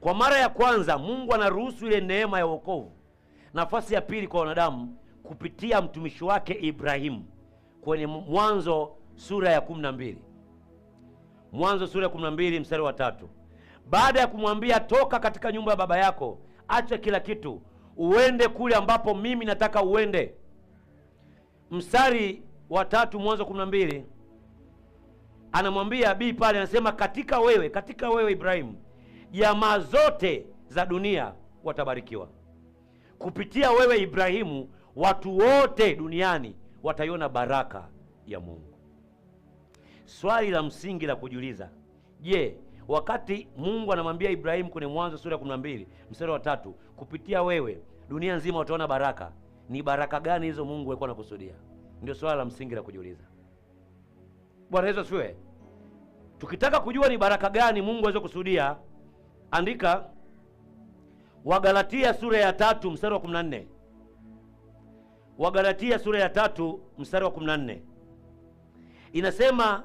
Kwa mara ya kwanza Mungu anaruhusu ile neema ya wokovu. Nafasi ya pili kwa wanadamu kupitia mtumishi wake Ibrahimu kwenye Mwanzo sura ya kumi na mbili Mwanzo sura ya kumi na mbili mstari wa tatu baada ya kumwambia toka katika nyumba ya baba yako, acha kila kitu, uende kule ambapo mimi nataka uende. Mstari wa tatu Mwanzo kumi na mbili anamwambia bii pale, anasema katika wewe, katika wewe Ibrahimu jamaa zote za dunia watabarikiwa kupitia wewe Ibrahimu. Watu wote duniani wataiona baraka ya Mungu. Swali la msingi la kujiuliza, je, wakati Mungu anamwambia Ibrahimu kwenye Mwanzo sura ya 12 mstari wa tatu, kupitia wewe dunia nzima wataona baraka, ni baraka gani hizo Mungu alikuwa anakusudia? Ndio swali la msingi la kujiuliza. Bwana Yesu asifiwe. Tukitaka kujua ni baraka gani Mungu aweze kusudia andika Wagalatia sura ya tatu mstari wa 14. Wagalatia sura ya tatu mstari wa 14 inasema,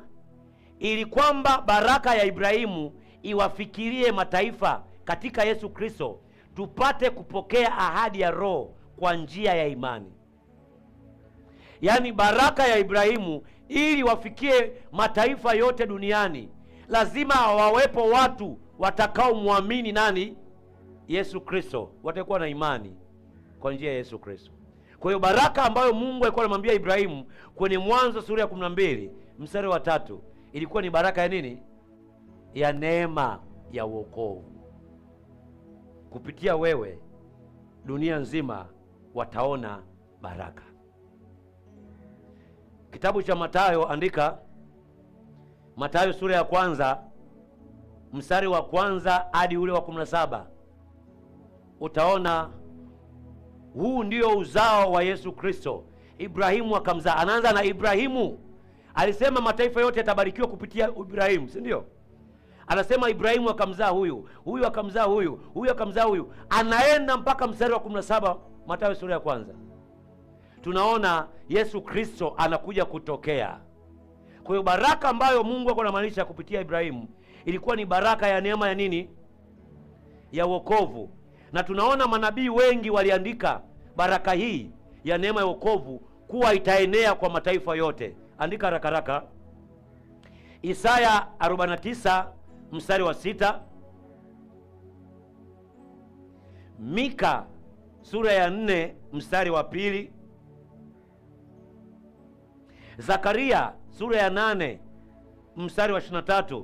ili kwamba baraka ya Ibrahimu iwafikirie mataifa katika Yesu Kristo, tupate kupokea ahadi ya Roho kwa njia ya imani. Yaani baraka ya Ibrahimu ili wafikie mataifa yote duniani, lazima wawepo watu watakaomwamini nani? Yesu Kristo, watakuwa na imani kwa njia ya Yesu Kristo. Kwa hiyo baraka ambayo Mungu alikuwa anamwambia Ibrahimu kwenye Mwanzo sura ya kumi na mbili mstari wa tatu ilikuwa ni baraka ya nini? Ya neema ya wokovu. Kupitia wewe dunia nzima wataona baraka. Kitabu cha Mathayo, andika Mathayo sura ya kwanza mstari wa kwanza hadi ule wa saba utaona huu ndio uzao wa Yesu Kristo. Ibrahimu akamzaa, anaanza na Ibrahimu. Alisema mataifa yote yatabarikiwa kupitia Ibrahimu, si ndio? Anasema Ibrahimu akamzaa huyu, huyu akamzaa huyu, huyu akamzaa huyu, anaenda mpaka mstari wa saba Mathayo sura ya kwanza. Tunaona Yesu Kristo anakuja kutokea. Kwa hiyo baraka ambayo Mungu alikuwa anamaanisha kupitia Ibrahimu ilikuwa ni baraka ya neema ya nini? Ya wokovu. Na tunaona manabii wengi waliandika baraka hii ya neema ya wokovu kuwa itaenea kwa mataifa yote. Andika haraka haraka, Isaya 49 mstari wa sita, Mika sura ya nne mstari wa pili, Zakaria sura ya nane mstari wa 23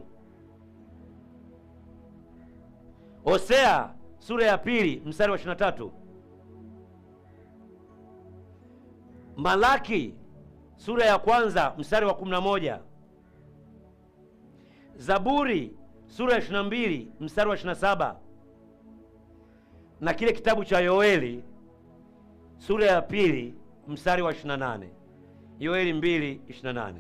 Hosea sura ya pili mstari wa 23, Malaki sura ya kwanza mstari wa 11, Zaburi sura ya 22 mstari wa 27 na kile kitabu cha Yoeli sura ya pili mstari wa 28, Yoeli 2:28.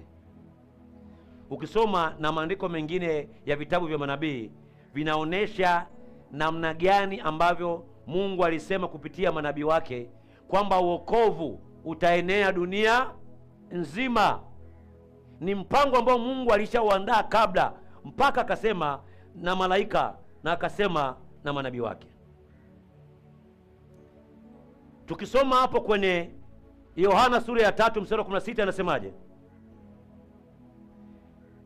Ukisoma na maandiko mengine ya vitabu vya manabii vinaonesha namna gani ambavyo Mungu alisema kupitia manabii wake kwamba uokovu utaenea dunia nzima. Ni mpango ambao Mungu alishauandaa kabla, mpaka akasema na malaika na akasema na manabii wake. Tukisoma hapo kwenye Yohana sura ya tatu mstari wa 16 anasemaje?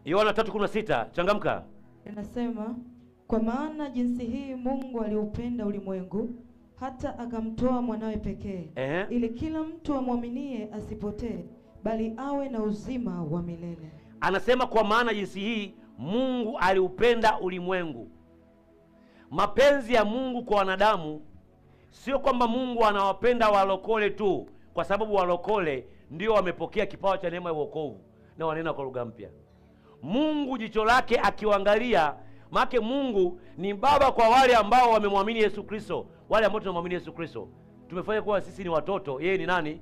Yohana 3:16, changamka. Anasema kwa maana jinsi hii Mungu aliupenda ulimwengu hata akamtoa mwanawe pekee -huh. ili kila mtu amwaminie asipotee, bali awe na uzima wa milele. Anasema kwa maana jinsi hii Mungu aliupenda ulimwengu. Mapenzi ya Mungu kwa wanadamu sio kwamba Mungu anawapenda walokole tu, kwa sababu walokole ndio wamepokea kipawa cha neema ya wokovu na wanena kwa lugha mpya. Mungu jicho lake akiwaangalia Maake Mungu ni baba kwa wale ambao wamemwamini Yesu Kristo, wale ambao tunamwamini Yesu Kristo tumefanya kuwa sisi ni watoto. Yeye ni nani?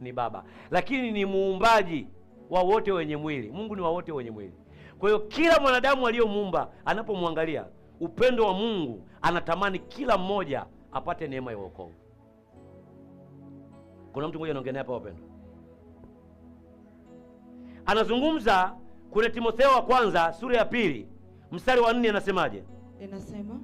Ni baba, lakini ni muumbaji wa wote wenye mwili. Mungu ni wa wote wenye mwili. Kwa hiyo kila mwanadamu aliyomuumba anapomwangalia upendo wa Mungu, anatamani kila mmoja apate neema ya wokovu. Kuna mtu mmoja anaongea hapa, wapendwa, anazungumza. kule Timotheo wa kwanza sura ya pili mstari wa nne anasemaje? Inasema,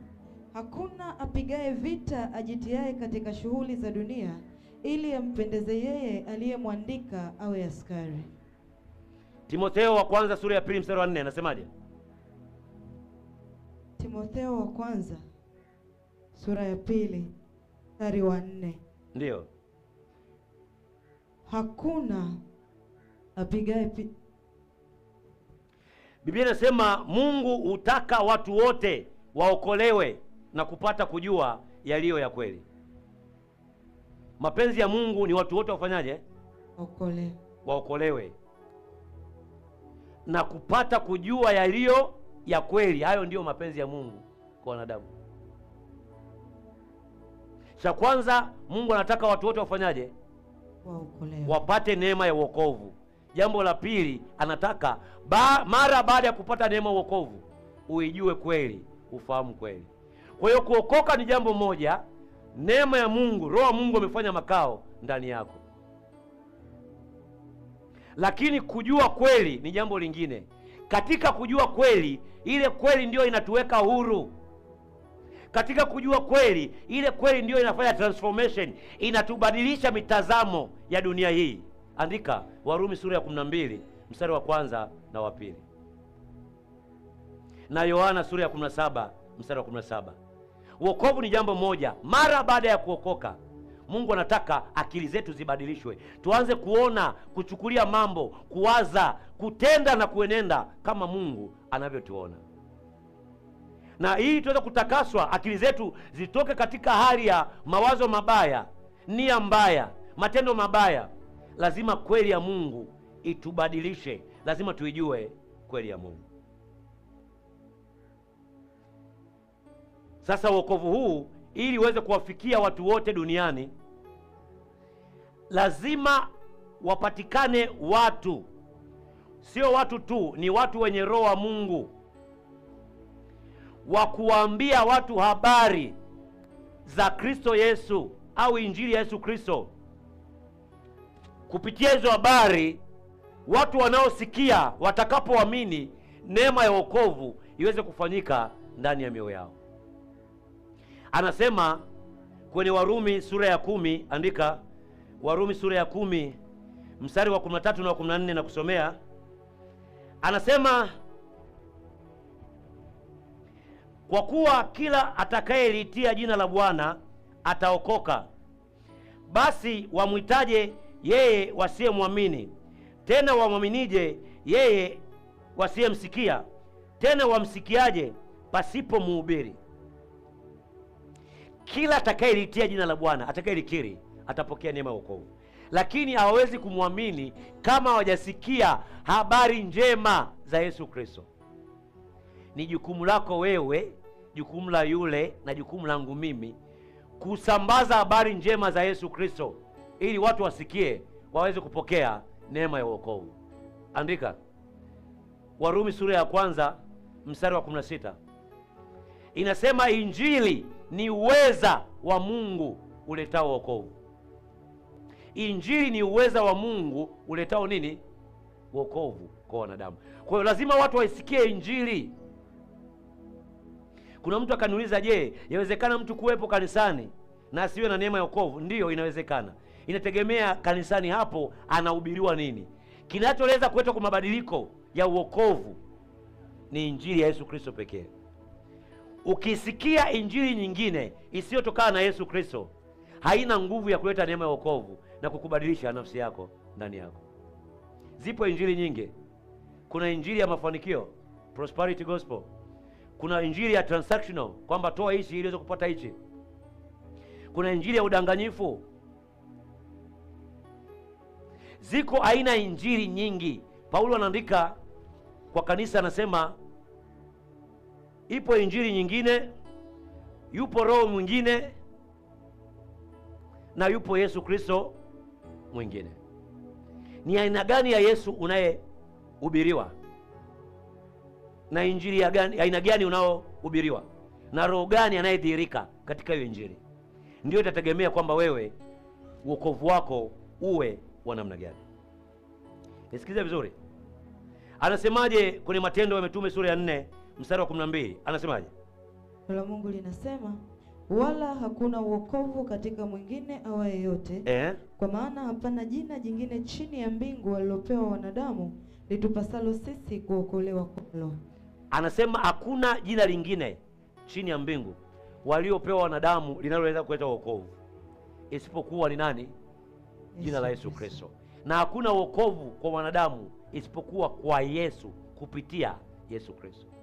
hakuna apigaye vita ajitiaye katika shughuli za dunia ili ampendeze yeye aliyemwandika awe askari. Timotheo wa kwanza sura ya pili mstari wa nne anasemaje? Timotheo wa kwanza sura ya pili mstari wa nne ndiyo. Hakuna apigaye Biblia inasema Mungu hutaka watu wote waokolewe na kupata kujua yaliyo ya kweli. Mapenzi ya Mungu ni watu wote wafanyaje? Waokolewe, waokolewe na kupata kujua yaliyo ya kweli. Hayo ndiyo mapenzi ya Mungu kwa wanadamu. Cha kwanza Mungu anataka watu wote wafanyaje? Waokolewe, wapate neema ya wokovu. Jambo la pili anataka ba, mara baada ya kupata neema uokovu uijue kweli, ufahamu kweli. Kwa hiyo kuokoka ni jambo moja, neema ya Mungu, roho ya Mungu amefanya makao ndani yako, lakini kujua kweli ni jambo lingine. Katika kujua kweli, ile kweli ndiyo inatuweka huru katika kujua kweli, ile kweli ndiyo inafanya transformation, inatubadilisha mitazamo ya dunia hii. Andika Warumi sura ya 12 mstari wa kwanza na wa pili na Yohana sura ya 17 mstari wa 17. Wokovu ni jambo moja. Mara baada ya kuokoka, Mungu anataka akili zetu zibadilishwe, tuanze kuona, kuchukulia mambo, kuwaza, kutenda na kuenenda kama Mungu anavyotuona na hii tuweze kutakaswa, akili zetu zitoke katika hali ya mawazo mabaya, nia mbaya, matendo mabaya, lazima kweli ya Mungu itubadilishe, lazima tuijue kweli ya Mungu. Sasa wokovu huu ili uweze kuwafikia watu wote duniani, lazima wapatikane watu, sio watu tu, ni watu wenye roho wa Mungu wa kuwaambia watu habari za Kristo Yesu au injili ya Yesu Kristo. Kupitia hizo habari, watu wanaosikia watakapoamini, neema ya wokovu iweze kufanyika ndani ya mioyo yao. Anasema kwenye Warumi sura ya kumi, andika Warumi sura ya kumi mstari wa 13 na wa 14 na kusomea, anasema kwa kuwa kila atakayeliitia jina la Bwana ataokoka. Basi wamwitaje yeye wasiyemwamini, tena wamwaminije yeye wasiyemsikia? Tena wamsikiaje pasipo mhubiri? Kila atakayelitia jina la Bwana, atakayelikiri atapokea neema ya wokovu, lakini hawawezi kumwamini kama hawajasikia habari njema za Yesu Kristo. Ni jukumu lako wewe, jukumu la yule na jukumu langu mimi kusambaza habari njema za Yesu Kristo ili watu wasikie waweze kupokea neema ya wokovu. Andika Warumi sura ya kwanza mstari wa sita inasema injili ni uweza wa Mungu uletao wokovu. Injili ni uweza wa Mungu uletao nini? Wokovu kwa wanadamu. Kwa hiyo lazima watu waisikie injili. Kuna mtu akaniuliza, je, yawezekana mtu kuwepo kanisani na asiwe na neema ya wokovu? Ndiyo, inawezekana inategemea kanisani hapo anahubiriwa nini. Kinachoweza kuletwa kwa mabadiliko ya uokovu ni injili ya Yesu Kristo pekee. Ukisikia injili nyingine isiyotokana na Yesu Kristo, haina nguvu ya kuleta neema ya wokovu na kukubadilisha nafsi yako ndani yako. Zipo injili nyingi. Kuna injili ya mafanikio, prosperity gospel. Kuna injili ya transactional, kwamba toa hichi ili uweze kupata hichi. Kuna injili ya udanganyifu, Ziko aina injili nyingi. Paulo anaandika kwa kanisa, anasema ipo injili nyingine, yupo roho mwingine, na yupo Yesu Kristo mwingine. Ni aina gani ya Yesu unayehubiriwa na injili ya gani, aina gani unaohubiriwa na roho gani anayedhihirika katika hiyo injili? Ndiyo itategemea kwamba wewe wokovu wako uwe wa namna gani? Nisikilize vizuri, anasemaje kwenye Matendo ya Mitume sura ya nne mstari wa 12 anasemaje? Neno la Mungu linasema wala hakuna uokovu katika mwingine awa yote eh, kwa maana hapana jina jingine chini ya mbingu walilopewa wanadamu litupasalo sisi kuokolewa kwalo. Anasema hakuna jina lingine chini ya mbingu waliopewa wanadamu linaloweza kuleta wokovu isipokuwa ni nani? jina la Yesu Kristo, na hakuna wokovu kwa wanadamu isipokuwa kwa Yesu kupitia Yesu Kristo.